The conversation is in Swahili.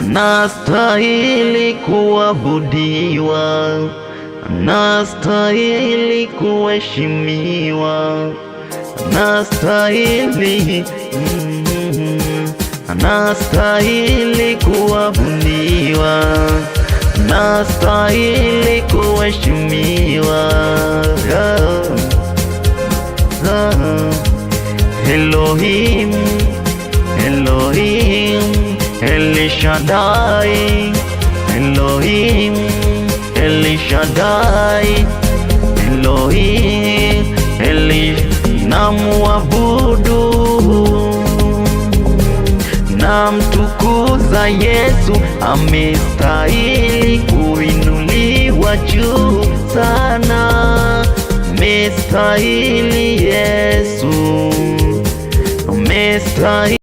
anastahili kuabudiwa, anastahili kuheshimiwa, anastahili mm anastahili kuabudiwa, anastahili kuheshimiwa Elohim Shaddai, Elohim, El Shaddai, Elohim, El namwabudu namtukuza Yesu, amestahili kuinuliwa juu sana, amestahili Yesu, amestahili